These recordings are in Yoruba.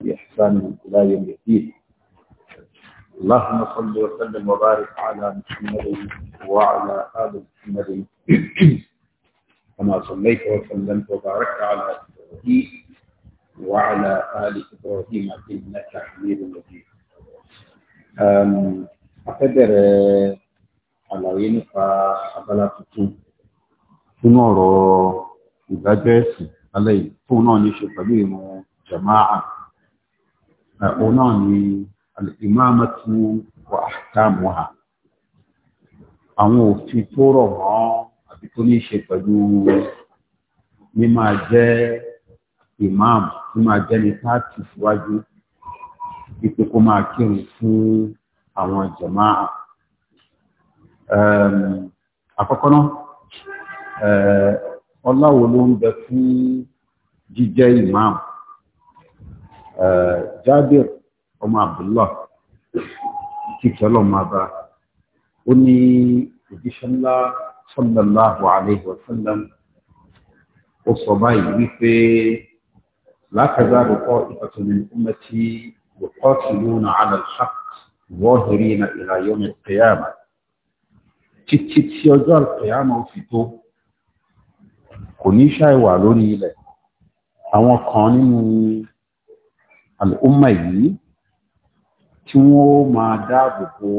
بإحسان إلى يوم الدين اللهم صل وسلم وبارك على محمد وعلى آل محمد كما صليت وسلمت وباركت على إبراهيم وعلى آل إبراهيم إنك حميد مجيد أقدر على ينفع أبلا تكون nínú ọ̀rọ̀ ìdájọ́ ẹ̀sìn alẹ́ yìí fóun náà ní ṣe pẹ̀lú ìmọ̀ jama'a òun náà ni ìmáàmátú wa ahkamuha àwọn òfin tó rọ̀ mọ́ àbí tó ní ṣe pẹ̀lú mímá jẹ́ ìmáàmù mímá jẹ́ ní táàtì síwájú wípé kó máa kírun fún àwọn jàmáà àkọ́kọ́ náà ọláwo ló ń bẹ fún jíjẹ́ ìmáàmù Jabir ọmọ Abdullah kíkì ọlọ́mọ bá ó ní òjíṣẹ́ ńlá sallallahu alayhi wa sallam ó sọ báyìí wípé lákàdá rúkọ́ ìfàtúnmí ummati yuqatiluna ala al-haqq zahirina ila yawm al-qiyamah títí tí ọjọ́ àlùkìyàmà ó fi tó kò ní ṣàìwà lórí ilẹ̀ àwọn kan nínú àlùkùmà yìí tí wọ́n ó máa dáàbò bo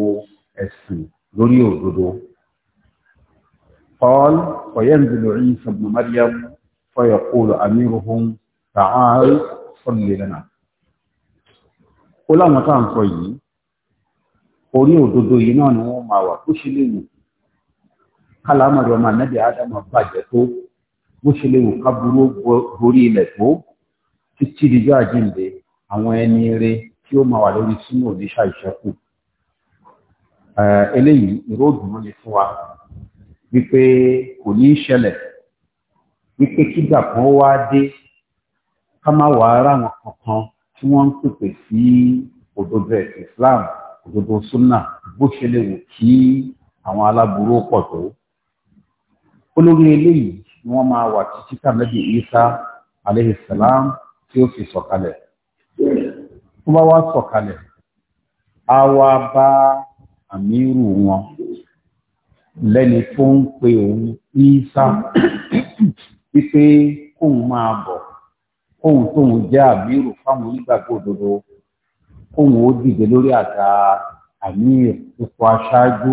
ẹ̀sìn lórí òdodo. Paul فينزل عيسى ابن مريم فيقول أميرهم تعال صل لنا. Ó láwọn tá à ń sọ yìí, orí òdodo yìí náà ni wọ́n máa wà tó ṣe léwu. Kálámọ̀rọ̀ ọmọ ànábì Ádámọ̀ bàjẹ́ tó bó ṣe léwu ká burú borí ilẹ̀ tó títí dijọ́ àjíǹde. àwọn ẹni eré tí ó máa wà lórí súnmù òdíṣà ìṣẹ́kù eléyìí ìró òdùnmọ́ fún wa wípé kò ní í ṣẹlẹ̀ wípé kígbà kan wá dé ká má kankan tí wọ́n ń pèpè sí òdodo ẹ̀sìn Islam òdodo sunna bó wò kí àwọn aláburú pọ̀ tó olórí eléyìí ni wọ́n máa wà títí kàmẹ́bí Isa tí ó fi tó bá wá sọ̀kalẹ̀ á wá bá àmírù wọn lẹ́ni tó ń pe òun ìsá wípé kóun máa bọ̀ kóun tóun jẹ́ àmírù fáwọn onígbàgbọ́ òdodo kóun ó dìde lórí àga àmírù ipò aṣáájú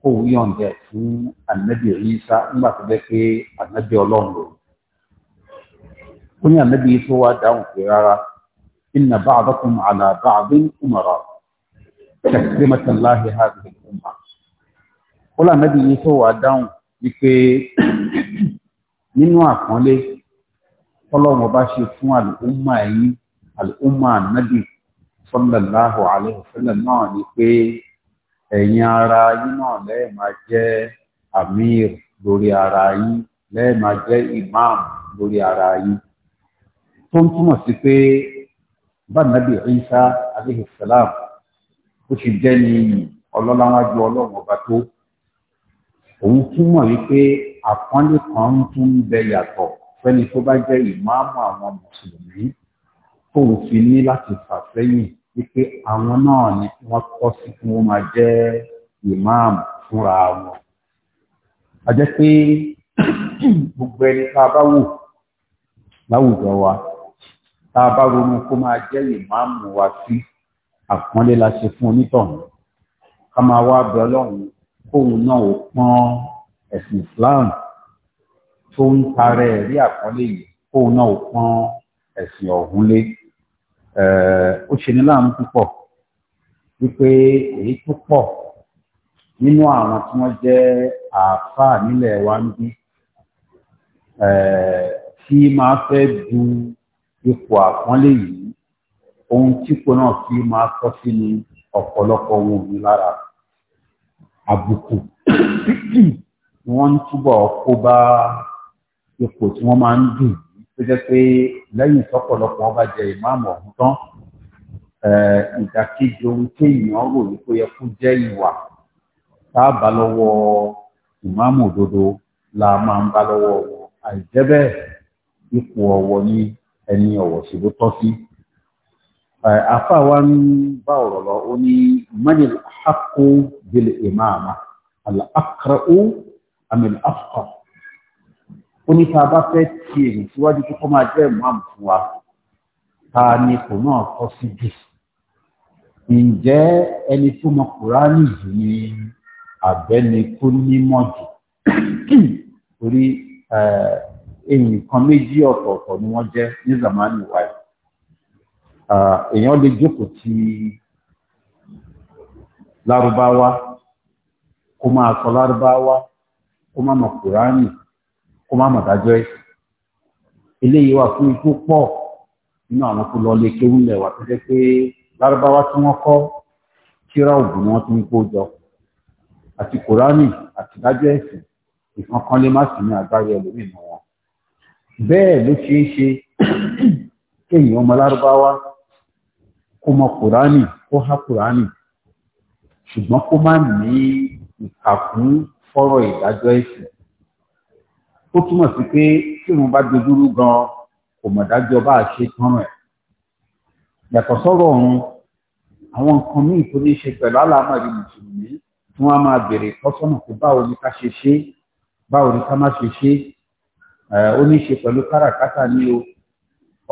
kóun fún ànábì ìsá nígbà tó bẹ́ pé ànábì ọlọ́run ó ní ànábì wá dáhùn pé rárá إن بعضكم على بعض أمراء تكرمة الله هذه الأمة قل النبي يسوع داون wípé nínú àpọ́nlé tọ́lọ́run ọba ṣe fún àlùkùnmá ẹ̀yìn àlùkùnmá ànábì sallallahu alaihi wasallam náà ni pé ẹ̀yin ara yín náà lẹ́ẹ̀ máa jẹ́ amir lórí ara yín lẹ́ẹ̀ máa jẹ́ imam lórí ara yín tó ń túmọ̀ sí pé bá nàbì Ìsá alayhi salam ó ti jẹ́ ní ọlọ́láwájú ọlọ́run ọba tó òun túmọ̀ wípé àpọ́nlé kan tún ń bẹ yàtọ̀ fẹ́ni tó bá jẹ́ ìmáàmù àwọn mùsùlùmí tóun fi ní láti fàsẹ́yìn wípé àwọn náà ni wọ́n kọ́ sí kí wọ́n máa jẹ́ ìmáàmù fúnra wọn. a jẹ́ pé gbogbo ẹni tá a bá wò láwùjọ wa tá a bá ronú kó máa jẹ́ ìmáàmù wa sí àpọ́nlé la ṣe fún onítọ̀hún ká máa wá bẹ ọlọ́run kóun náà ó pọ́n ẹ̀sìn Islam tó ń tarẹ̀ rí àpọ́nlé yìí kóun náà ó pọ́n ẹ̀sìn ọ̀hún ó ṣe ní láàmú púpọ̀ wípé èyí tó pọ̀ nínú àwọn tí wọ́n jẹ́ àáfàá nílẹ̀ wa ń bí tí máa fẹ́ du ipò àpọ́nlé yìí ohun típò náà fi máa tọ́ sí ni ọ̀pọ̀lọpọ̀ ohun òní lára àbùkù ni wọ́n ń túbọ̀ kó bá ipò tí wọ́n máa ń dùn tó jẹ́ pé lẹ́yìn tọ́pọ̀lọpọ̀ ọba jẹ ìmáàmù ọ̀hún tán ìdàkejì ohun téèyàn rò ní pé yẹ kó jẹ́ ìwà tá a bá lọ́wọ́ ìmáàmù òdodo la máa ń bá lọ́wọ́ àìjẹ́ bẹ́ẹ̀ ipò ọ̀wọ̀ ni ẹni ọ̀wọ̀ sí ló tọ́ sí. Àfà wa ń bá ọ̀rọ̀ lọ, ó ní mani al-haqqu bil imama, al-aqra'u am al-afqah. Ó ní ta bá fẹ́ ti èrè síwájú tó kọ́ máa jẹ́ imam fún wa, ta ni kò náà tọ́ sí jù. Ǹjẹ́ ẹni tó mọ Kùránì jù ni àbẹ́ni tó nímọ̀ jù? Torí nǹkan méjì ọ̀tọ̀ọ̀tọ̀ ni wọ́n jẹ́ ní zamani wa yìí èèyàn lè jókòó ti lárúbáwá kó máa sọ lárúbáwá kó má mọ̀ kùránì kó má mọ̀ dájọ́ ẹ̀ eléyìí wà fún ikú pọ̀ nínú àwọn tó lọ lé kéwúlẹ̀ wà tó jẹ́ pé lárúbáwá tí wọ́n kọ́ kíra ògùn wọn tó ń kó jọ àti kùránì àti dájọ́ ẹ̀sìn ìkankan lè má sí ní agbára ẹlòmíràn bẹ́ẹ̀ ló ṣe é ṣe kéèyàn ọmọ lárúbáwá kó mọ kùránì kó há kùránì ṣùgbọ́n kó má ní ìkàkún fọ́rọ̀ ìdájọ́ ẹ̀sìn ó túmọ̀ sí pé tí wọ́n bá dojúrú gan kò mọ̀ dájú ọba àṣẹ tán rẹ̀ yàtọ̀ sọ́rọ̀ ọ̀run àwọn nǹkan míì tó ní í ṣe pẹ̀lú àlámọ̀rí mùsùlùmí tí wọ́n á máa béèrè tọ́sọ́nà pé báwo ni ká ṣe ṣe báwo ni ká má ṣe ṣe ó ní ṣe pẹ̀lú ni o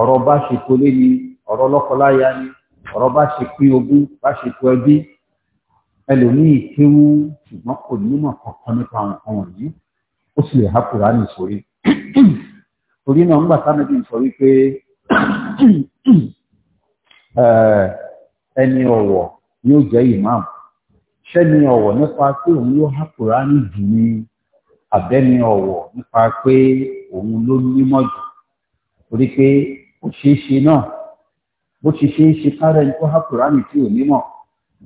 ọ̀rọ̀ bá ṣe ni ọ̀rọ̀ lọ́kọláya ni ọ̀rọ̀ bá ṣe pín ogún bá ṣe kó ẹbí ẹlòmíì kéwú ṣùgbọ́n kò nímọ̀ kankan nípa nǹkan wọ̀nyí ó sì lè há torí náà ńgbà sọ wípé ẹni ọ̀wọ̀ ni ó jẹ́ ìmáàmù ṣẹ́ni ọ̀wọ̀ abẹ́ni ọ̀wọ̀ nípa pé òun ló nímọ̀ jù torí pé ó ṣeé ṣe náà bó ṣe ṣeé ṣe kára ẹni tó há kùránì tí ò nímọ̀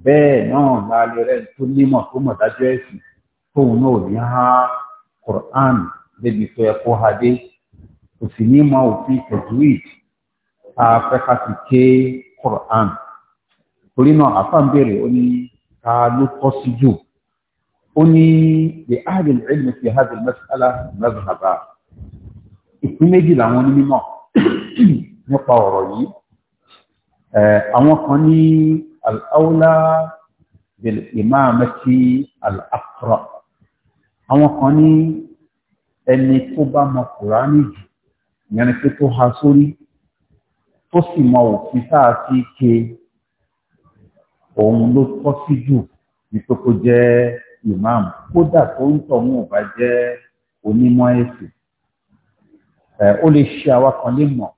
bẹ́ẹ̀ náà láàlẹ́ rẹ̀ tó nímọ̀ tó mọ̀ dájú ẹ̀sìn tóun náà ní há débi tó kó dé kò sì ní mọ òfin a fẹ́ ká ó ní the ahadul ilmi fi hadhihi al-mas'ala mazhaba ìpín méjì làwọn onímọ̀ nípa ọ̀rọ̀ yìí eh, àwọn kan ní al-awla bil imamati al-aqra àwọn kan ní ẹni tó bá mọ kùránì jù ìyẹn ni pé tó ha sórí tó sì mọ òfin tá a fi ke òun ló tọ́ sí jù ní pé kó jẹ́ ìmáàmù kódà tó ń tọ̀ wọn ò bá jẹ́ onímọ̀ ẹ̀sìn ó lè ṣe àwa lè mọ̀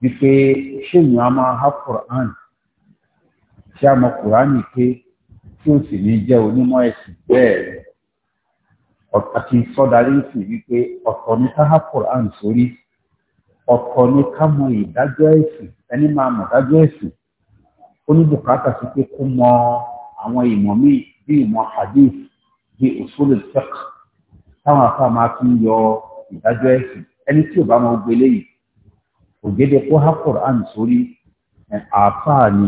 wípé ṣéèyàn á máa há quran ṣé a mọ quran pé tí ó sì ní jẹ́ onímọ̀ ẹ̀sìn bẹ́ẹ̀ àti sọ́darí sì wípé ọ̀tọ̀ ní ká quran sórí ọ̀tọ̀ ní ká mọ ìdájọ́ ẹ̀sìn ẹni máa mọ̀ dájọ́ ẹ̀sìn sí pé sí ìmọ̀ hadith bí usul al-fiqh táwọn afá máa fi ń yọ ìdájọ́ ẹ̀sìn ẹni tí ò bá máa gbélé yìí ògede kó há Qur'an sórí àáfà ni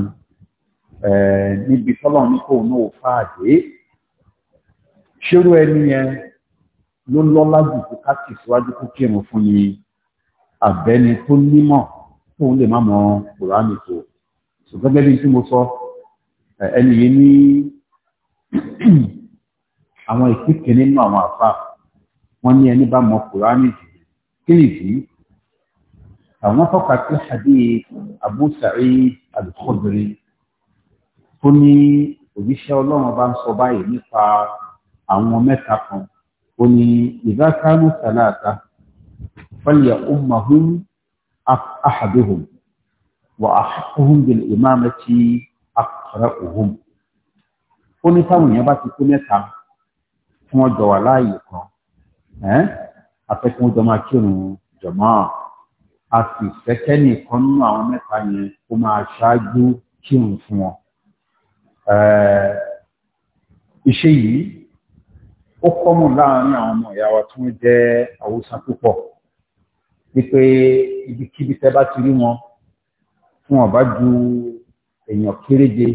níbi tọ́lọ̀ ní kò ní òfà dé ṣérú ẹni yẹn ló lọ́lá jù kó ká sì síwájú kó kírun fún ni àbẹ́ni tó nímọ̀ tóun lè má mọ Qur'an tó ṣùgbọ́n gẹ́gẹ́ bí tí mo sọ ẹni yìí ní. àwọn ìpínkẹ nínú àwọn àfa wọn ní ẹni bá mọ kùránì jù kí nìdí àwọn tọ́ka sí hadith Abu Sa'id al-Khudri tó ní òjíṣẹ́ ọlọ́run bá ń sọ báyìí nípa àwọn mẹ́ta kan ó ní ìdákánú sàláàtà fẹ́lẹ̀ ummahum ahaduhum wa ahaduhum bil imamati aqra'uhum ó ní táwọn èèyàn bá ti kó mẹ́ta tí wọ́n jọ wà láàyè kan afẹ́kún jọ máa kírun jọ̀mọ́ a sì fẹ́kẹ́ nìkan nínú àwọn mẹ́ta yẹn kó máa ṣáájú kírun fún wọn. iṣẹ́ yìí ó kọ́mù láàárín àwọn ọmọ ìyá wa tí wọ́n jẹ́ Haúsá púpọ̀ wípé ibikíbi tẹ́ bá ti rí wọn fún ọ̀bá ju èèyàn kéréje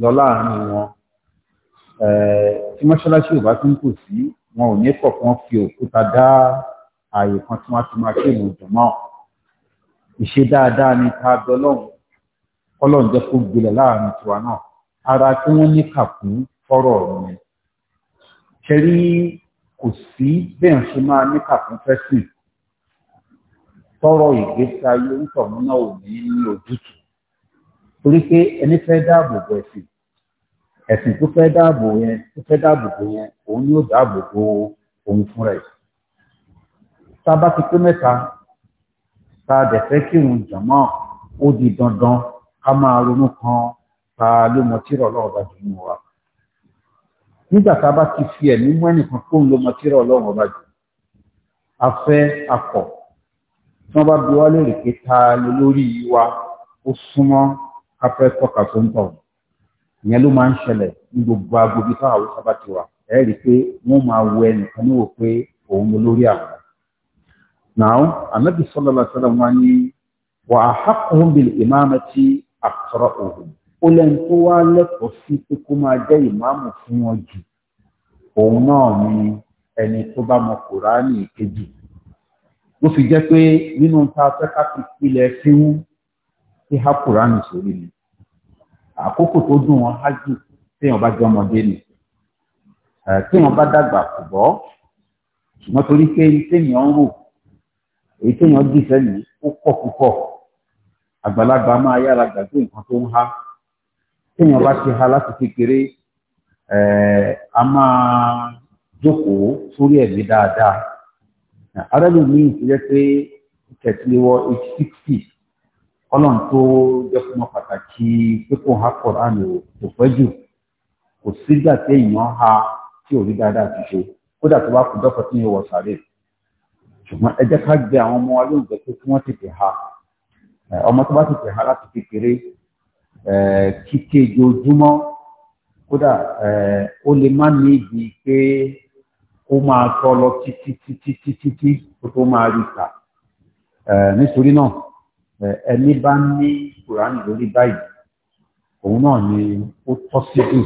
lọ láàárín wọn. Eh, tí mọ́ṣáláṣí ò bá tún kù sí wọn ò ní kọ̀ọ̀kan fi òkúta dá ààyè kan tí wọ́n ti máa ṣe ìmọ̀jọ̀ náà ìṣe dáadáa ni ká dọlọ́hùn kọ́lọ́hùn jẹ́ kó gbilẹ̀ láàrin tiwa náà ara tí wọ́n ní kàkú fọ́rọ̀ ọ̀run ṣẹ́rí kò sí bẹ́ẹ̀ ṣe máa ní kàkú fẹ́sìn tọrọ ìgbésí ayé ń tọ̀mú náà ò ní ojútùú torí pé ẹni fẹ́ dáàbò bọ̀ ẹ̀sìn ẹ̀sìn tó fẹ́ dáàbò yẹn tó fẹ́ dáàbò bò yẹn òun yóò dáàbò bò òun fún rẹ̀. tá a bá ti pé mẹ́ta tá a dẹ̀ fẹ́ kírun jọ̀mọ́ ó di dandan ká máa ronú kan ta ló mọ tírọ̀ ọlọ́run bá jù nínú wa. nígbà tá a bá ti fi ẹ̀mí mú ẹnìkan tó ń lo mọ tírọ̀ ọlọ́run bá jù a fẹ́ akọ̀ tí wọ́n bá bi wá lérè pé ta ló lórí wa ó súnmọ́ afẹ́ tọ́ka tó ń tọ̀hún. ìyẹn ló máa ń ṣẹlẹ̀ ní gbogbo agbóbi tó àwọn sábà ti wà ẹ rí i pé wọ́n máa wọ ẹnìkan níwò pé òun ló lórí àwọn. Now, Anabi sallallahu alaihi wasallam wọ́n wà á hákùn bil imamati aqra'uhum. Ó lẹ́nu tó wá lẹ́kọ̀ọ́ sí pé kó máa jẹ́ ìmáàmù fún wọn jù. Òun náà ni ẹni tó bá mọ Kùránì kejì. fi jẹ́ pé nínú fẹ́ ká pilẹ̀ kí àkókò tó dùn wọn á jù téèyàn bá jẹ́ ọmọdé nì téèyàn bá dàgbà kò bọ́ ṣùgbọ́n torí pé téèyàn ń rò èyí téèyàn dì sẹ́yìn ó pọ̀ púpọ̀ àgbàlagbà máa yára gbàgbé nǹkan tó ń há téèyàn bá ti há láti kékeré a máa jókòó sórí ẹ̀mí dáadáa arábìnrin mi ti jẹ́ pé kẹ̀tìlẹ́wọ̀ eight sixty ọlọ́run tó jẹ́ fún ọ pàtàkì pé kò ha Quran ò kò pẹ́ jù kò sígbà tí èèyàn ha tí ò rí dáadáa ti ṣe kódà tó bá kú dọ́kọ̀ tí yẹn wọ sàrè ṣùgbọ́n ẹ jẹ́ ká gbé àwọn ọmọ wa lóògbé pé kí wọ́n tètè ha ọmọ tó bá tètè ha láti kékeré kíké ojoojúmọ́ kódà ó lè má ní ibi pé ó máa tọ́ lọ títí títí títí kó tó máa rí kà nítorí náà ẹni bá ní kùránì lórí báyìí òun náà ni ó tọ́ sí jù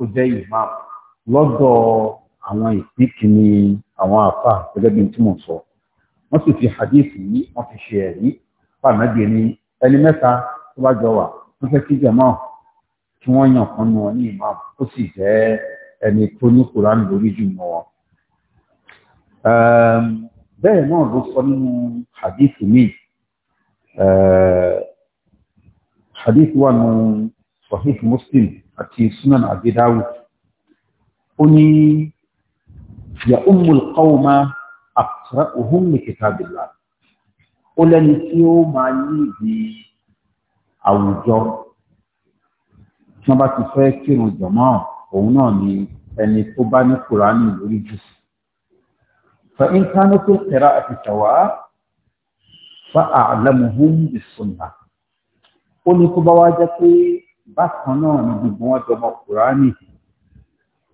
ó jẹ́ imam lọ́dọ̀ àwọn ìpín kìíní àwọn àfà gẹ́gẹ́ bí tí mò ń sọ wọ́n sì fi hadith yìí wọ́n fi ṣe ẹ̀rí fàmẹ́gbè ni ẹni mẹ́ta tó bá jọ wà wọ́n fẹ́ kí jẹ̀mọ́ kí wọ́n yàn kan nu wọn ní imam ó sì jẹ́ ẹni tó ní kùránì lórí jù mọ́ wọn bẹ́ẹ̀ náà ló sọ nínú hadith míì حديث wà صحيح مسلم muslim àti sunan abi dawud ó ní ya ummul qawma aqra'uhum li kitabillah ó lẹ́ni tí ó máa ní ìdí àwùjọ tí wọ́n bá ti fẹ́ kírun jọ̀mọ́ òun náà ni ẹni tó bá ní kùránì lórí jù fa in kánú tó kẹra àti tàwàá fa a'lamuhum bis-sunnah ó ní kó bá wá jẹ́ pé bákan náà ni gbogbo wọn jọmọ kùránì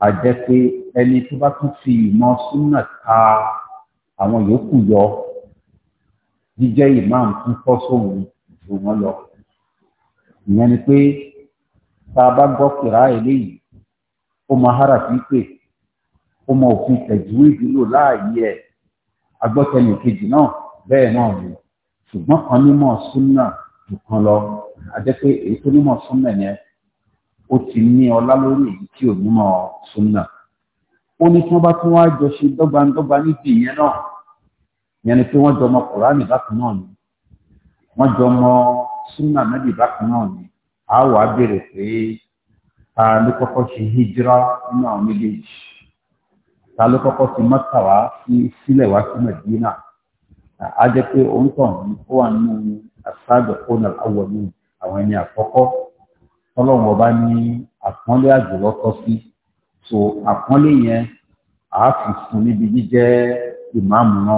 àjẹ́ pé ẹni tó bá tún fi ìmọ̀ súnà ta àwọn yòókù yọ jíjẹ́ ìmáàmù tún kọ́ sóhun ju wọn lọ ìyẹn ni pé tá a bá gbọ́ kìrá eléyìí ó mọ hara fi pè ó mọ òfin tẹ̀jú ìdúró láàyè ẹ̀ agbọ́tẹnì náà bẹ́ẹ̀ náà ni ṣùgbọ́n kan nímọ̀ súnà jù kan lọ àjẹ́ pé èyí tó nímọ̀ súnà yẹn ó ti ní ọlá lórí èyí tí ò nímọ̀ súnà ó ní tí wọ́n bá tún wá jọ ṣe dọ́gbandọ́gba níbi ìyẹn náà ìyẹn ni pé wọ́n jọ mọ kùránì bákan náà ni wọ́n jọ mọ súnà nábì bákan náà ni a wàá béèrè pé ta ló kọ́kọ́ ṣe hijira nínú àwọn méjèèjì ta ló kọ́kọ́ fi mọ́tà sí sílẹ̀ wá sí Mẹ̀dínà a jẹ́ pé òun tàn ó wà nínú àṣàgbẹ̀ fóònù àwọ̀ mi àwọn ẹni àkọ́kọ́ tọ́lọ́run ọba ní àpọ́nlé àjùlọ tọ́ sí so àpọ́nlé yẹn àá fi fún níbi jíjẹ́ ìmáàmù náà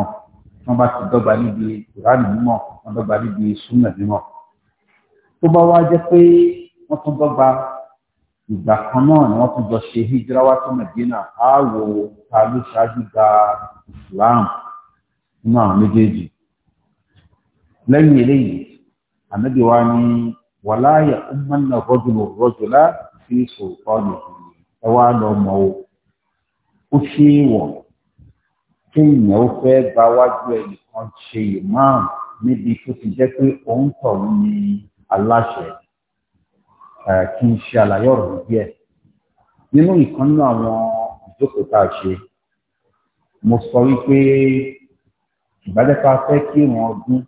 wọ́n bá ti dọ́gba níbi ìránì mímọ́ wọ́n dọ́gba níbi súnà mímọ́ tó bá wá jẹ́ pé wọ́n tún dọ́gba ìgbà kan náà ni wọ́n tún jọ ṣe hijirawa tó Mẹdínà á wò ta ló ṣáájú gba Islam nínú àwọn méjèèjì lẹ́yìn eléyìí ànábì wa ní wàláyà ọmọnà rọ́jùlọ rọ́jùlá sí sòtọ́ nìkan ẹ wá lọ mọ̀ o ó ṣe é wọ̀ kéèyàn ó fẹ́ gba wájú ẹnìkan ṣe ìmáàmù níbi tó ti jẹ́ pé òun tọ̀hún ni aláṣẹ kí n ṣe àlàyé ọ̀rọ̀ díẹ̀ nínú ìkan nínú àwọn ìjókòó tá a ṣe mo sọ wípé. ìbájẹ́pá fẹ́ kí ìwọ̀n ọdún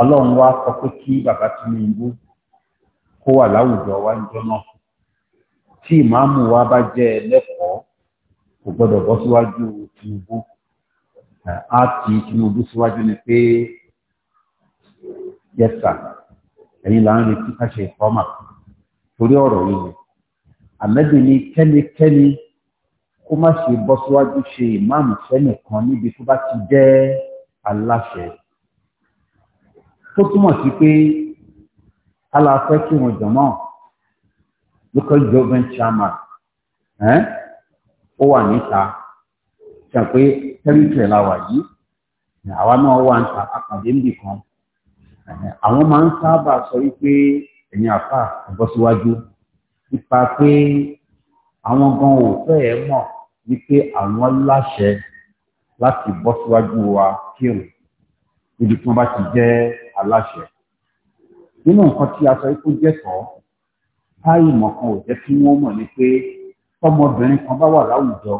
ọlọ́run wá pé kí bàbá Tinubu kó wà láwùjọ wa níjọ náà tí ìmáàmù wa bá jẹ́ ẹlẹ́kọ̀ọ́ kò Tinubu á ti Tinubu síwájú ni pé yẹta ẹ̀yin là ń retí ká ṣe ìfọ́mà torí ọ̀rọ̀ yìí kó má ṣe bọ́ síwájú ṣe ìmáàmù sẹ́nìkan níbi tó bá ti jẹ́ aláṣẹ tó túmọ̀ sí pé aláfẹ́ kí wọn jọ náà local government chairman ó wà níta ṣe pé tẹ́rìtì la wà yìí àwa náà wà níta àpàdé níbì kan àwọn máa ń sábà sọ wípé ẹ̀yin àfà ìbọ́síwájú nípa pé àwọn gan ò fẹ́ ẹ̀ mọ̀ wípé àwọn láṣẹ láti bọ́ síwájú wa kírun níbi tí wọ́n bá ti jẹ́ aláṣẹ. nínú nǹkan tí a sọ ikú jẹ́tọ̀ táì mọ̀kan ò jẹ́ kí wọ́n mọ̀ ni pé tọmọbìnrin kan bá wà láwùjọ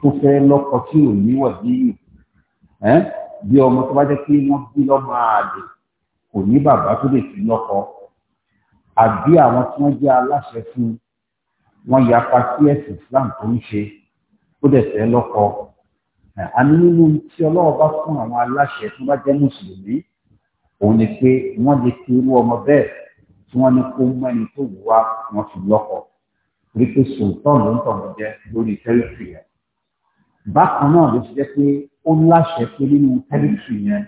tó fẹ́ lọ́kọ tí ò níwọ̀ níyì bí ọmọ tó bá jẹ́ pé wọ́n bí lọ́mọ àdè kò ní bàbá tó lè fi lọ́kọ àbí àwọn tí wọ́n jẹ́ aláṣẹ fún un wọ́n yapa sí ẹ̀sìn Islam tó ń ṣe ó dẹ̀ fẹ́ lọ́kọ àní nínú tí Ọlọ́run bá fún àwọn aláṣẹ tó bá jẹ́ mùsùlùmí òun ni pé wọ́n lè fi irú ọmọ bẹ́ẹ̀ tí wọ́n ní kó mú ẹni tó wù wá wọ́n fi lọ́kọ torí pé sultan ló ń tọ̀gbọ̀ jẹ́ lórí tẹ́lifì yẹn bákan náà ló ti jẹ́ pé ó láṣẹ pé nínú tẹ́lifì yẹn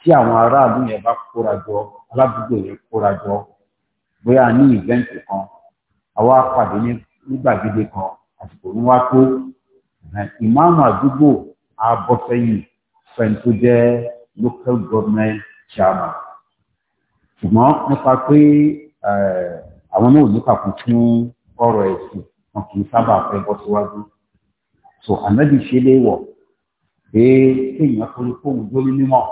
tí àwọn aráàlú yẹn bá kóra jọ aládùúgbò yẹn kóra jọ bóyá ní ìvẹ́ǹtì kan àwa pàdé ní gbàgede kan àsìkò ní wá tó ìmáàmù àdúgbò abọ́sẹ́yìn fẹ́ni tó jẹ́ local government chairman ṣùgbọ́n nípa pé àwọn náà ò ní kàkún fún ọ̀rọ̀ ẹ̀sìn wọn kì í sábà fẹ́ bọ́ síwájú so ànábì ṣe léèwọ̀ pé kéèyàn torí fóun lórí mímọ́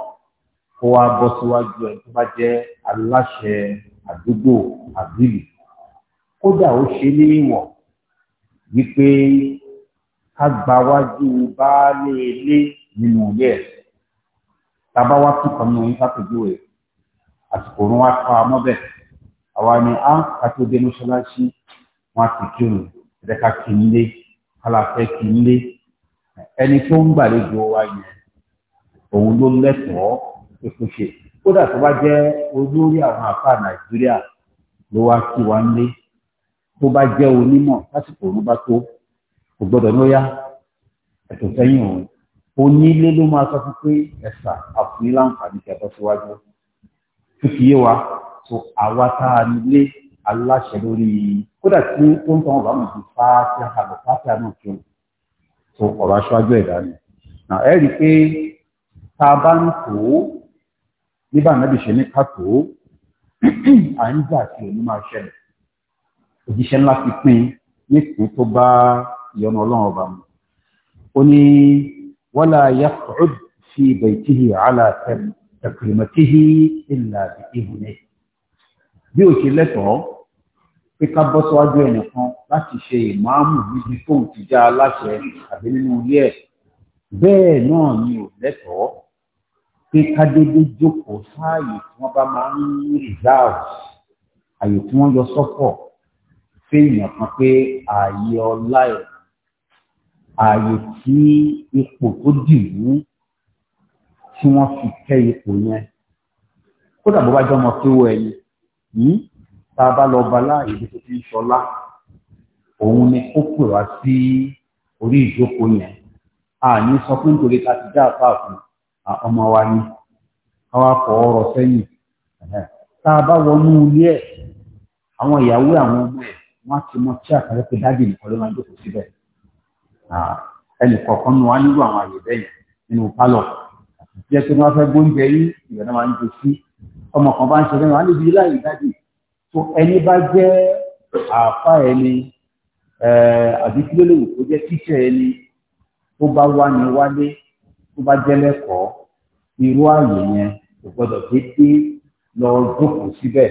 kó wá bọ́ síwájú ẹ̀ tó bá jẹ́ aláṣẹ àdúgbò àbílì kódà ó ṣe ní ìwọ̀n wípé ká gba wájú baálé ilé nínú ilé ẹ̀ tábá wá kíkan nínú yín ẹ̀ àsìkò òun wá pa ọmọ bẹ́ẹ̀ àwa ni a kátó dé mọ́ṣáláṣí wọn á ti kírun ẹ̀ka kì í lé kálàfẹ́ lé ẹni tó ń gbàlejò wa yẹn tó bá jẹ́ onímọ̀ lásìkò òru bá tó kò gbọ́dọ̀ ní ó yá ẹ̀tọ́ sẹ́yìn òun onílé ló máa sọ fún pé ẹ̀sà àfúnilé láǹfààní kẹtọ́ síwájú fífi yé wa tó àwa tá a nílé aláṣẹ lórí kódà tí ó ń tọ́ ọ̀rọ̀ àmọ̀ sí fáátíà àbọ̀ fáátíà náà kí o tó ọ̀rọ̀ aṣáájú ẹ̀dá ni ẹ rí i pé tá a bá ń tó nígbà náà bí ṣe ní ká tó à ń jà sí onímọ̀ ṣẹlẹ̀ òjíṣẹ́ ńlá fi pín nípìn tó bá ìyọnu ọlọ́run ọba mu ó ní wala yaq'ud fi baytihi ala takrimatihi illa bi idhnihi bí ó ṣe lẹ́tọ̀ọ́ pé ká bọ́ síwájú ẹnìkan láti ṣe ìmáàmù níbi tóun ti já aláṣẹ àbí nínú ilé ẹ̀ bẹ́ẹ̀ náà ni ò lẹ́tọ̀ọ́ pé ká dédé jókòó sáàyè tí wọ́n bá máa ń rìzáàbù àyè tí wọ́n yọ sọ́pọ̀ fèèyàn kan pé ààyè ọlá ẹ̀ ààyè tí ipò tó dì mú tí wọ́n fi kẹ́ ipò yẹn kódà bó bá jẹ́ ọmọ tó wọ ẹ̀yìn yìí tá a bá lọ bá láàyè bí tó ti ń ṣọlá òun ni ó pè wá sí orí ìjókòó yẹn àní sọ pé nítorí ká ti dá àpá àfún ọmọ wa ni káwá fọ ọ̀rọ̀ sẹ́yìn tá a bá wọnú ilé ẹ̀ àwọn ìyàwó àwọn ọmọ ẹ̀ wọ́n ti mọ tí àkàrẹ́ pé dáàbì nìkan ló máa ń jókòó síbẹ̀ ẹnì kọ̀ọ̀kan nu wá nílò àwọn àyè bẹ́ẹ̀ nínú pálọ̀ jẹ́ pé wọ́n fẹ́ gbóúnjẹ yín ìgbà náà máa ń jó sí ọmọ kan bá ń ṣe lẹ́nu wọ́n á lè di láì dáàbì tó ẹni bá jẹ́ àáfà ẹni àbí kí ló lè wò kó jẹ́ tíṣẹ̀ ẹni tó bá wá ní wálé tó bá jẹ́ lẹ́kọ̀ọ́ irú àyè yẹn kò gbọ́dọ̀ dédé lọ jókòó síbẹ̀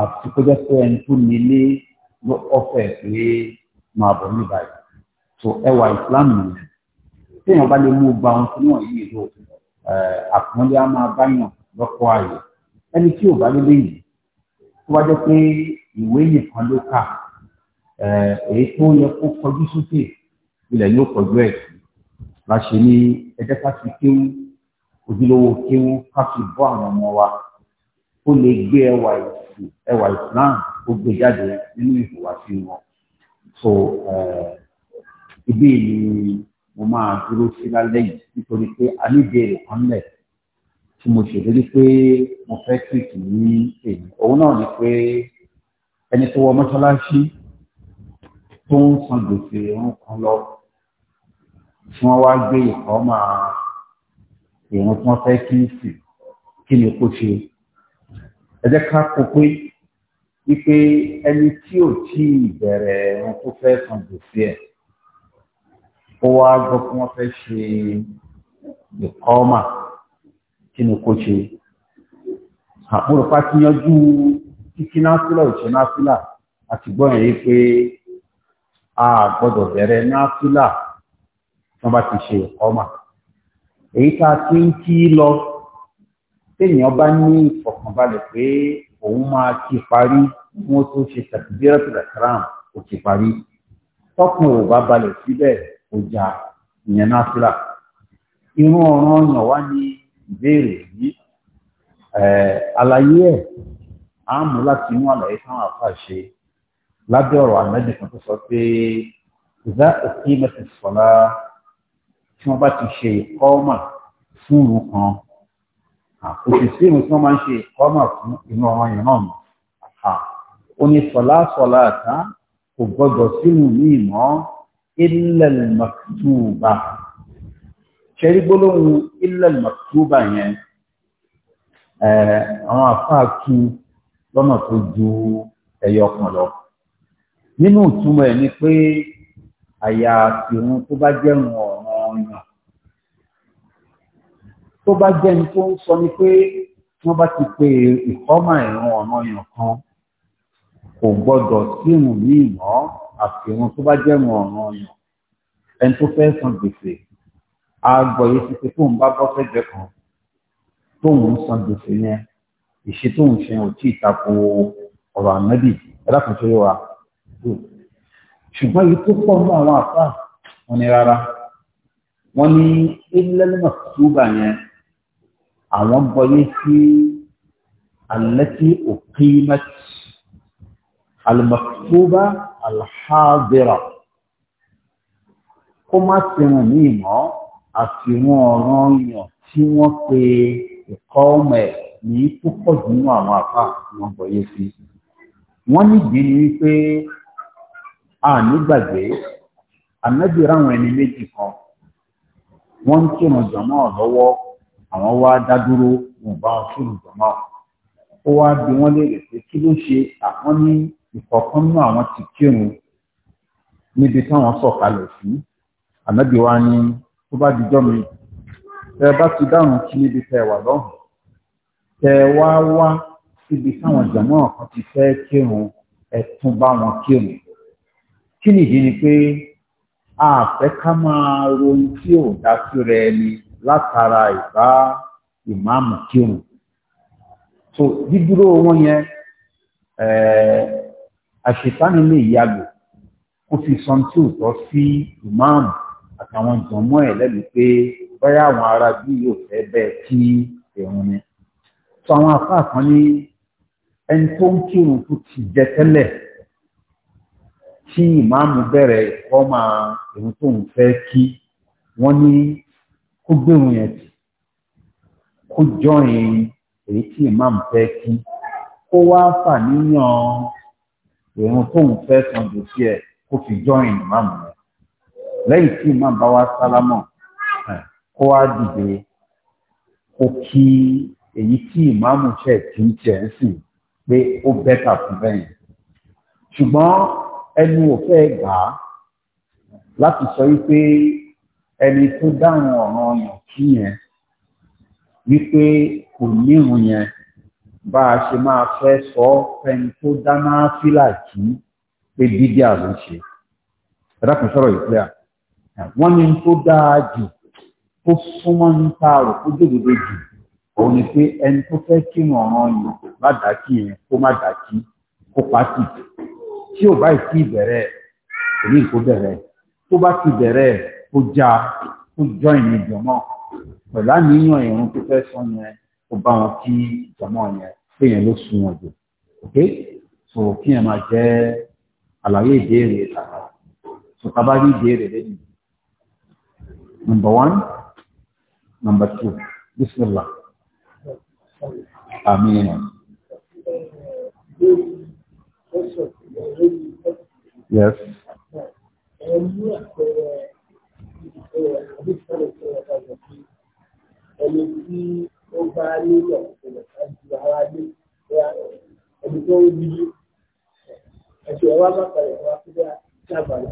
àti kó jẹ́ pé ẹni tó nílé ló ọfẹ pé máa bọ̀ ní báyìí tó ẹwà islam nìyẹn téèyàn bá lè mú gba ohun tí wọn yìí lò àpọ́nlé á máa báyàn lọ́pọ̀ ààyè ẹni tí ò bá lé léyìí tó wá jẹ́ pé ìwé nìkan ló kà èyí tó yẹ kó kọjú sókè ilẹ̀ yóò kọjú ẹ̀ sí la ṣe ní ẹjẹ́ ká fi kéwú ojúlówó kéwú ká fi bọ́ àwọn ọmọ wa ó lè gbé ẹwà ìsì ẹwà Islam ó gbé jáde nínú ìhùwàsí wọn so eh, ibi ni mo máa dúró sí lálẹ́ yìí nítorí pé a ní ìbéèrè kan lẹ̀ tí mo ṣèlérí pé mo fẹ́ tìtì ní èyí òun náà ni pé ẹni tó wọ mọ́ṣáláṣí tó ń san gbèsè irun kan lọ tí wọ́n wá gbé ìkọ́ máa irun tí wọ́n fẹ́ kí n sì kí ni kó ṣe ẹ jẹ́ ká kó pé wípé ẹni tí ò tí ì bẹ̀rẹ̀ ẹ̀rùn tó fẹ́ san gbèsè ẹ̀ ó wá gbọ́ pé wọ́n fẹ́ ṣe ìkọ́mà kí ni kó ṣe àpòrò pàtíyanjú kíkí náfìlà òṣè náfìlà àti gbọ́yìn yìí pé a gbọ́dọ̀ bẹ̀rẹ̀ náfìlà tí wọ́n bá ti ṣe ìkọ́mà èyí tá a ti ń kí lọ téèyàn bá ní ìfọ̀kànbalẹ̀ pé òun máa ti parí wọn tó ṣe tàbíbírẹ́tì rẹ̀síráàm kò ti parí tọkùn ò bá balẹ̀ síbẹ̀ kò jà ìyẹn náà sílà irú ọ̀ràn ọ̀yàn wá ní ìbéèrè yìí àlàyé ẹ̀ àmú láti inú àlàyé táwọn àfáà ṣe lábẹ́ ọ̀rọ̀ àmẹ́jì kan tó sọ pé ìdá òkè mẹ́tẹ̀ẹ̀sọ̀lá tí wọ́n bá ti ṣe ìkọ́mà fún ìlú kan Ah, òsì sí ìrùn tí wọ́n máa ń ṣe ìkọ́mọ̀ fún inú ọmọ yẹn náà mọ̀ ah, ó ní sọlá sọlá àtá kò gbọdọ̀ sínú ní ìmọ̀ ilal maktuba ṣẹ́rí gbólóhùn ilal maktuba yẹn eh, àwọn àfáà tu lọ́nà tó ju ẹyọ kan lọ nínú ìtumọ̀ ẹ̀ ni pé àyàfi òun tó bá jẹ́ wọn tó bá jẹ́ ní tó ń sọ ni pé wọ́n bá ti pe ìkọ́mà ìrun ọ̀nà yàn kan kò gbọ́dọ̀ kírun ní ìmọ̀ àfihàn tó bá jẹ́ ìrun ọ̀nà yàn ẹni tó fẹ́ san gbèsè àgbọ̀yé ti pé tóun bá bọ́ fẹ́jẹ̀ kan tóun ń san gbèsè yẹn ìṣe tóun ṣe ò tí ì tako ọ̀rọ̀ ànábì ẹlẹ́kùnṣe wa ṣùgbọ́n èyí tó pọ̀ mọ́ àwọn àfáà wọn ni rárá wọn ní ilé tó bá yẹn àwọn gbọ́yé sí alẹ́tí òkèèmẹ́tì almaktuba alhadira kó má ti rìn ní ìmọ̀ àfihàn ọ̀ràn yàn tí wọ́n pe ẹ̀kọ́ ọmọ ẹ̀ ní púpọ̀ nínú àwọn àpá wọn gbọ́yé sí wọ́n nídìí ni wípé a nígbàgbé ànábì ráwọn ẹni méjì kan wọ́n ń kírun jọ̀mọ́ lọ́wọ́ àwọn wá dádúró wọn bá wọn kírun jọmọ ó wá bí wọn léèrè pé kí ló ṣe àwọn ní ìkọ̀ọ̀kan nínú àwọn ti kírun níbi táwọn sọ̀kalẹ̀ sí ànábì wa ni tó bá dijọ́ mi tẹ bá ti dáhùn kí níbi tẹ wà lọ́hùn tẹ wá wá síbi táwọn jọmọ kan ti fẹ́ kírun ẹ bá wọn kírun kí nìdí ni pé a fẹ́ ká máa ronú tí ò dá sí rẹ ni látara ìbá ìmáàmù kírun so dídúró wọn yẹn àṣetánì lè yàgò ó fi san tí ò tọ́ sí ìmáàmù àtàwọn jọmọ́ ẹ̀ lẹ́nu pé bóyá àwọn ará bí yóò fẹ́ bẹ́ẹ̀ kí ẹ̀rùn ni so àwọn afá kan ní ẹni tó ń kírun tó ti jẹ tẹ́lẹ̀ tí ìmáàmù bẹ̀rẹ̀ ìkọ́ máa ẹ̀rùn tó ń fẹ́ kí wọ́n ní kó gbóhùn yẹn tì kó jọyìn èyí tí ìmáàmù fẹ́ kí kó wá fàníyàn ìrun tóun fẹ́ san gbèsè ẹ̀ kó fi jọyìn ìmáàmù rẹ̀ lẹ́yìn tí ìmáàmù bá wá sálámọ̀ kó wá dìde kó kí èyí tí ìmáàmù ṣẹ̀ tí ń tiẹ̀ ń sìn pé ó bẹ́tà fún bẹ́yìn ṣùgbọ́n ẹnu ò fẹ́ gbà á láti sọ wípé ẹni tó dáhùn ọ̀ràn ọ̀yàn kí yẹn wípé kò nírun yẹn bá a ṣe máa fẹ́ sọ fẹni tó dáná fílà kí pé dídí àlọ́ ṣe ẹ̀dákùn sọ̀rọ̀ ìpẹ́ à wọ́n ní tó dáa jù tó súnmọ́ ń ta tó jòdòdó jù òun ni pé ẹni tó fẹ́ kírun ọ̀ràn yìí má dàkí yẹn kó má dàkí kó pàtì tí ò bá ì sí ìbẹ̀rẹ̀ èmi kò bẹ̀rẹ̀ tó bá ti bẹ̀rẹ̀ kó já kó jọ ìrìn jọmọ́ pẹ̀lú àníyàn ìrún tó fẹ́ sọ yẹn kó bá wọn kí jọmọ́ yẹn péyẹn ló sun wọn jù ok so kí yẹn máa jẹ́ àlàyé ìbéèrè tàbá so tàbá rí ìbéèrè lẹ́yìn number one number two bismillah àmín. yes ẹni tí ó bá nílò ìpìlẹ̀ láti ara lé ẹni tó ń bí ẹ̀sùn ẹ̀wá bàtà ẹ̀wá fúdà dábàlá.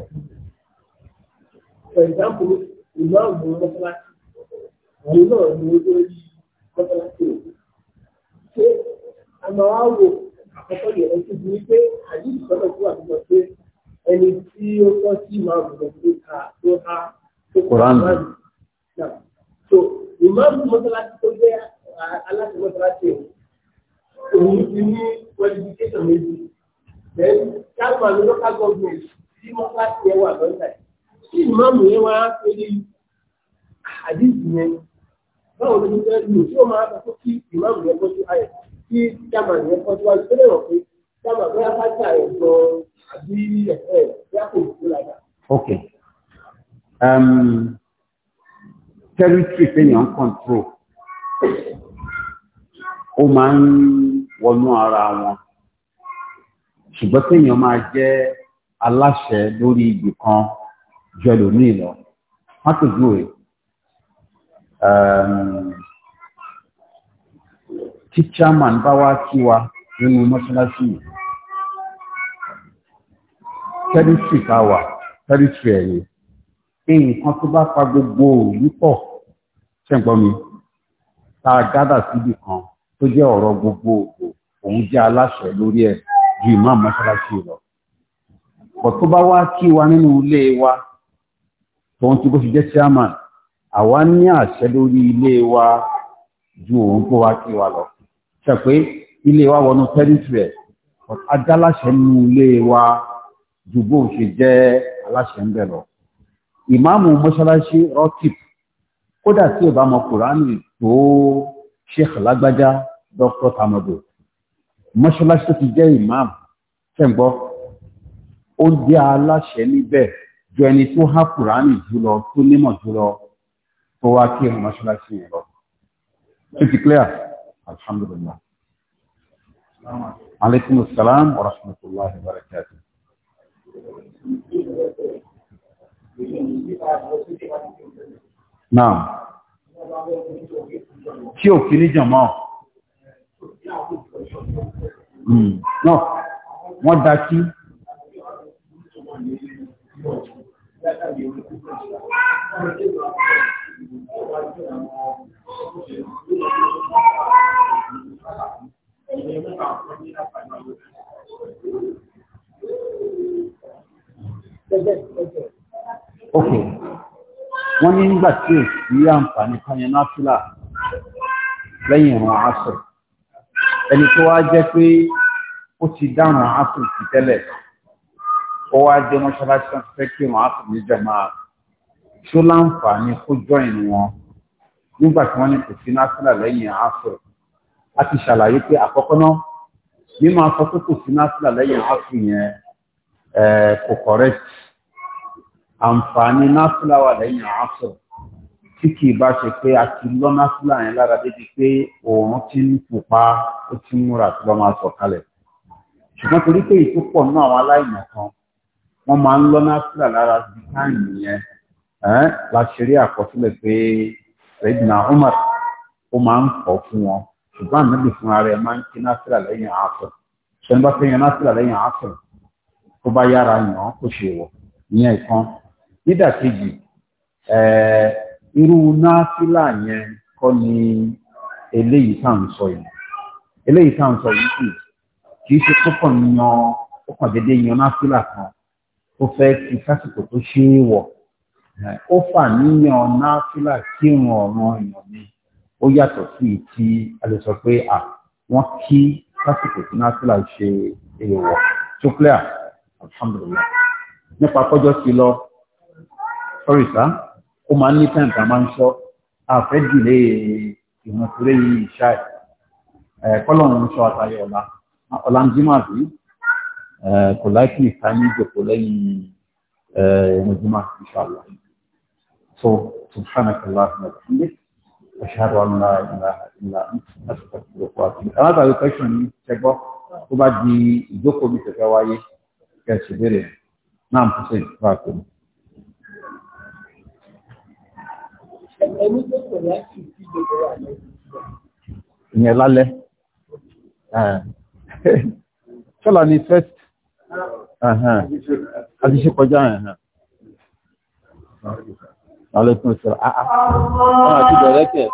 For example, ìlú àgbò mọ́sálásí òun náà ni ó lórí mọ́sálásí òun. Ṣé a máa wá wo àkọ́kọ́ yẹn ẹni tó ti ní pé àdìsí sọ́dọ̀ tó wà nígbà pé ẹni tí ó tọ́ sí máa bùrọ̀ tó ha tó ha. Quran. So, ìmáàmù mọ́sálásí tó jẹ́ aláṣẹ mọ́sálásí òun ti ní qualification méjì. Then, káàmù àmì local government tí mọ́sálásí yẹn wà lọ́jà. Tí ìmáàmù yẹn wá pélé àdìsí yẹn, báwo ló ń jẹ́ lò tí ó máa sọ kí ìmáàmù yẹn kọ́ sí ayẹ̀ kí káàmù yẹn kọ́ síwájú tó lè rọ̀ pé káàmù àbẹ́yà ká jà ẹ̀ gan Okay. Um, territory téèyàn ń control ó máa ń wọnú ara wọn ṣùgbọ́n téèyàn máa jẹ́ aláṣẹ lórí ibì kan jọ lónìí lọ wọ́n tó dùn ẹ̀ tí chairman bá wá kí wa nínú mọ́ṣáláṣí territory ká wà territory ẹ̀yìn pé nǹkan tó bá fa gbogbo òòlù pọ̀ ṣe ń gbọ́ mi tá a gádà síbì kan tó jẹ́ ọ̀rọ̀ gbogbogbò òun jẹ́ aláṣẹ lórí ẹ̀ ju ìmáàmù mọ́ṣáláṣí lọ pọ̀ tó bá wá kí wa nínú ilé wa tòun ti bó ṣe jẹ́ chairman àwa ní àṣẹ lórí ilé wa ju òun tó wá kí wa lọ ṣe pé ilé wa wọnú tẹ́rìtìrì ẹ̀ adáláṣẹ nínú ilé wa ju bó ṣe jẹ́ aláṣẹ ń bẹ̀ lọ ìmáàmù mọ́ṣáláṣí rọ́kìp kódà tí ò bá mọ kùránì tó sheikh lágbájá dr tamado mọ́ṣáláṣí tó ti jẹ́ ìmáàmù tẹ́ǹgbọ́ ó jẹ́ aláṣẹ níbẹ̀ ju ẹni tó há kùránì jùlọ tó nímọ̀ jùlọ tó wá kí ẹ̀rùn mọ́ṣáláṣí yẹn lọ. ṣé ti clear? alhamdulillah. aleykum salaam wa rahmatulahi wa barakatuh. náà tí ò kí ní jọmọ́ hmm. náà wọ́n dá sí nígbà tí ò sí àǹfààní káyẹ náfílà lẹ́yìn ìrun asr ẹni tó wá jẹ́ pé ó ti dárun asr ti tẹ́lẹ̀ ó wá jẹ́ mọ́ṣáláṣí tó fẹ́ kí ìrun asr ní jàmáà tó láǹfààní kó jọ́ìn wọn nígbà tí wọ́n ní kò sí náfílà lẹ́yìn asr a ti ṣàlàyé pé àkọ́kọ́ náà bí máa sọ pé kò sí náfílà lẹ́yìn asr yẹn eh, kò correct àǹfààní náfílà wà lẹ́yìn asr tí kì í bá ṣe pé a ti lọ́nà fúlàní lára débi pé òun ti ń pupa ó ti ń múra tí wọ́n máa sọ kalẹ̀ ṣùgbọ́n torí pé ìtúpọ̀ náà àwọn aláìmọ̀ kan wọ́n máa ń lọ́nà fúlàní lára bí káàyè yẹn la ṣe rí àkọsílẹ̀ pé Sayyidina Umar ó máa ń kọ́ fún wọn ṣùgbọ́n ànábì fúnra rẹ̀ máa ń kí násìlà lẹ́yìn àásọ̀ ṣẹ́ni bá fẹ́ yan násìlà lẹ́yìn àásọ̀ tó bá yára yàn án kò ṣe wọ̀ ìyẹn ìkan nídàkejì ẹ̀ẹ́ irú náfílà yẹn kọ́ ni eléyìí tá à ń sọ yìí eléyìí tá à ń sọ yìí sì kì í ṣe kókò yan kókò déédéé yan náfílà kan ó fẹ́ fi sásìkò tó ṣe é wọ̀ ó fà níyàn náfílà kírun ọ̀ràn èèyàn ni ó yàtọ̀ sí ti a lè sọ pé à wọ́n kí sásìkò tí náfílà ṣe èèwọ̀ tó clear alhamdulilayi nípa kọjọ́ sí lọ sorry sir máa ń ní tẹ̀ǹtà máa ń sọ àfẹ́jìlé ìmọ̀túré yìí ìṣáì kọ́lọ̀run sọ àtàyọ̀ ọ̀la ọ̀la ń jímọ̀ àbí kò láìpì ìta ní ìjòkó lẹ́yìn ìrìn jímọ̀ ìṣàlọ́ so subhanahu wa ta'ala أشهد أن لا إله إلا أنت أستغفرك وأتوب إليك. هذا الكشف تبقى وبعد يدخل بتكوايه كاشبيرين. نعم حسين فاكر. ẹni tó kọ̀ láti ìdíje tó wà lẹ́yìn. ìyẹn lálẹ́ ṣọ́là ni first àti ṣe kọjá yẹn alẹ́kùn ìṣẹ́lá àti bẹ̀rẹ̀ kẹ̀.